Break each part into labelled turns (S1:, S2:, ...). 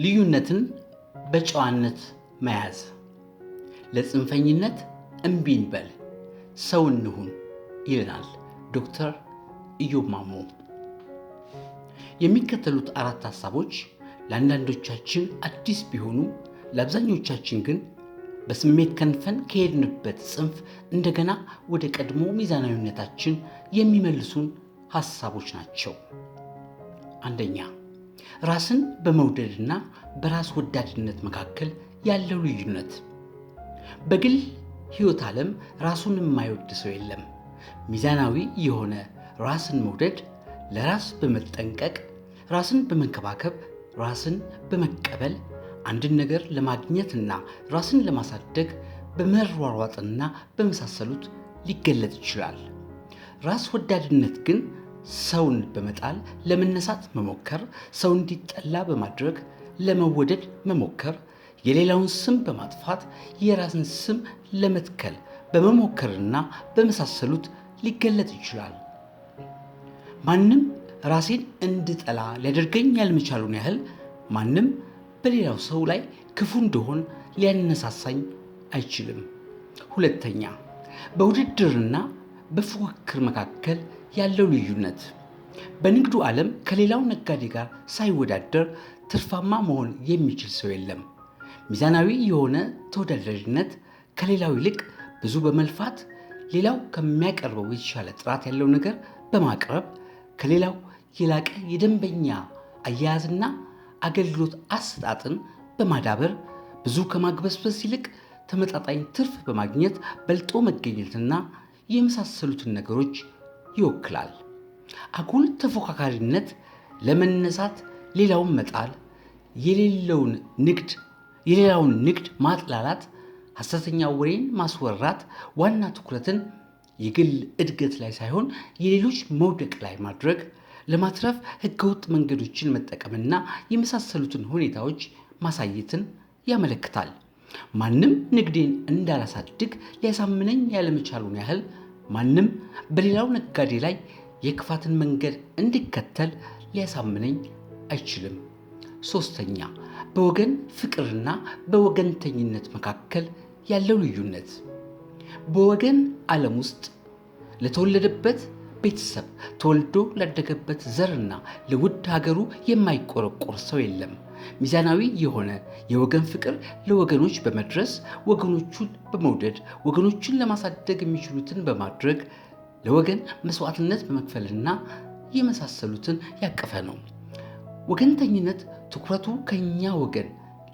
S1: ልዩነትን በጨዋነት መያዝ፣ ለጽንፈኝነት እምቢንበል እንበል ሰው እንሁን ይለናል ዶክተር ኢዮብ ማሞ። የሚከተሉት አራት ሀሳቦች ለአንዳንዶቻችን አዲስ ቢሆኑ ለአብዛኞቻችን ግን በስሜት ከንፈን ከሄድንበት ጽንፍ እንደገና ወደ ቀድሞ ሚዛናዊነታችን የሚመልሱን ሀሳቦች ናቸው። አንደኛ ራስን በመውደድና በራስ ወዳድነት መካከል ያለው ልዩነት። በግል ሕይወት ዓለም ራሱን የማይወድ ሰው የለም። ሚዛናዊ የሆነ ራስን መውደድ ለራስ በመጠንቀቅ ራስን በመንከባከብ ራስን በመቀበል አንድን ነገር ለማግኘትና ራስን ለማሳደግ በመሯሯጥና በመሳሰሉት ሊገለጥ ይችላል። ራስ ወዳድነት ግን ሰውን በመጣል ለመነሳት መሞከር፣ ሰው እንዲጠላ በማድረግ ለመወደድ መሞከር፣ የሌላውን ስም በማጥፋት የራስን ስም ለመትከል በመሞከርና በመሳሰሉት ሊገለጥ ይችላል። ማንም ራሴን እንድጠላ ሊያደርገኝ ያልመቻሉን ያህል ማንም በሌላው ሰው ላይ ክፉ እንደሆን ሊያነሳሳኝ አይችልም። ሁለተኛ በውድድርና በፉክክር መካከል ያለው ልዩነት በንግዱ ዓለም ከሌላው ነጋዴ ጋር ሳይወዳደር ትርፋማ መሆን የሚችል ሰው የለም። ሚዛናዊ የሆነ ተወዳዳሪነት ከሌላው ይልቅ ብዙ በመልፋት ሌላው ከሚያቀርበው የተሻለ ጥራት ያለው ነገር በማቅረብ ከሌላው የላቀ የደንበኛ አያያዝና አገልግሎት አሰጣጥን በማዳበር ብዙ ከማግበስበስ ይልቅ ተመጣጣኝ ትርፍ በማግኘት በልጦ መገኘትና የመሳሰሉትን ነገሮች ይወክላል። አጉል ተፎካካሪነት ለመነሳት ሌላውን መጣል፣ የሌለውን ንግድ የሌላውን ንግድ ማጥላላት፣ ሐሰተኛ ወሬን ማስወራት ዋና ትኩረትን የግል እድገት ላይ ሳይሆን የሌሎች መውደቅ ላይ ማድረግ፣ ለማትረፍ ህገወጥ መንገዶችን መጠቀምና የመሳሰሉትን ሁኔታዎች ማሳየትን ያመለክታል። ማንም ንግዴን እንዳላሳድግ ሊያሳምነኝ ያለመቻሉን ያህል ማንም በሌላው ነጋዴ ላይ የክፋትን መንገድ እንዲከተል ሊያሳምነኝ አይችልም። ሶስተኛ በወገን ፍቅርና በወገንተኝነት መካከል ያለው ልዩነት በወገን ዓለም ውስጥ ለተወለደበት ቤተሰብ ተወልዶ ላደገበት ዘርና ለውድ ሀገሩ የማይቆረቆር ሰው የለም። ሚዛናዊ የሆነ የወገን ፍቅር ለወገኖች በመድረስ ወገኖቹን በመውደድ ወገኖቹን ለማሳደግ የሚችሉትን በማድረግ ለወገን መስዋዕትነት በመክፈልና የመሳሰሉትን ያቀፈ ነው። ወገንተኝነት ትኩረቱ ከኛ ወገን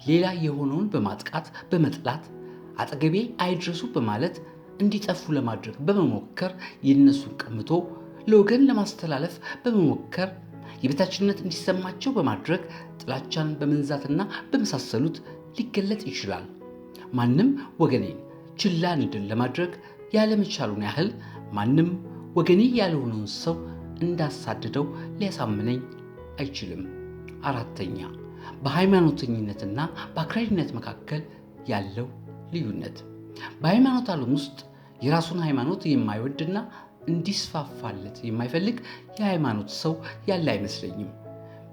S1: ሌላ የሆነውን በማጥቃት በመጥላት አጠገቤ አይድረሱ በማለት እንዲጠፉ ለማድረግ በመሞከር የነሱን ቀምቶ ለወገን ለማስተላለፍ በመሞከር የበታችነት እንዲሰማቸው በማድረግ ጥላቻን በመንዛትና በመሳሰሉት ሊገለጥ ይችላል። ማንም ወገኔን ችላ እንድን ለማድረግ ያለመቻሉን ያህል ማንም ወገኔ ያልሆነውን ሰው እንዳሳድደው ሊያሳምነኝ አይችልም። አራተኛ በሃይማኖተኝነትና በአክራሪነት መካከል ያለው ልዩነት በሃይማኖት ዓለም ውስጥ የራሱን ሃይማኖት የማይወድና እንዲስፋፋለት የማይፈልግ የሃይማኖት ሰው ያለ አይመስለኝም።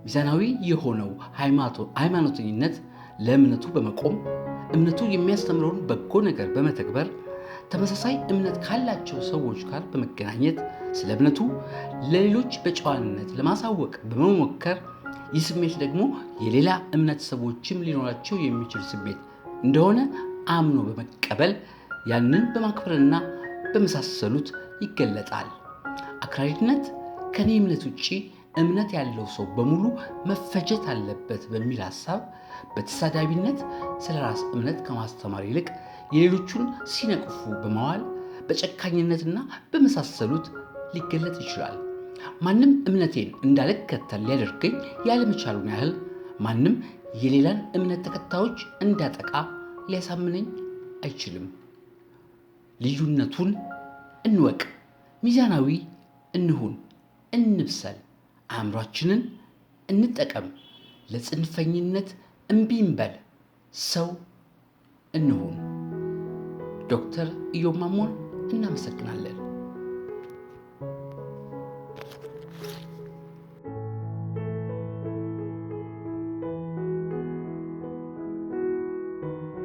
S1: ሚዛናዊ የሆነው ሃይማኖተኝነት ለእምነቱ በመቆም እምነቱ የሚያስተምረውን በጎ ነገር በመተግበር ተመሳሳይ እምነት ካላቸው ሰዎች ጋር በመገናኘት ስለ እምነቱ ለሌሎች በጨዋነት ለማሳወቅ በመሞከር ይህ ስሜት ደግሞ የሌላ እምነት ሰዎችም ሊኖራቸው የሚችል ስሜት እንደሆነ አምኖ በመቀበል ያንን በማክበርና በመሳሰሉት ይገለጣል። አክራሪነት ከኔ እምነት ውጭ እምነት ያለው ሰው በሙሉ መፈጀት አለበት በሚል ሀሳብ በተሳዳቢነት ስለ ራስ እምነት ከማስተማር ይልቅ የሌሎቹን ሲነቅፉ በመዋል በጨካኝነትና በመሳሰሉት ሊገለጥ ይችላል። ማንም እምነቴን እንዳልከተል ሊያደርገኝ ያለመቻሉን ያህል ማንም የሌላን እምነት ተከታዮች እንዳጠቃ ሊያሳምነኝ አይችልም። ልዩነቱን እንወቅ፣ ሚዛናዊ እንሁን፣ እንብሰል፣ አእምሯችንን እንጠቀም፣ ለጽንፈኝነት እምቢ እንበል፣ ሰው እንሁን። ዶክተር ኢዮብ ማሞን እናመሰግናለን።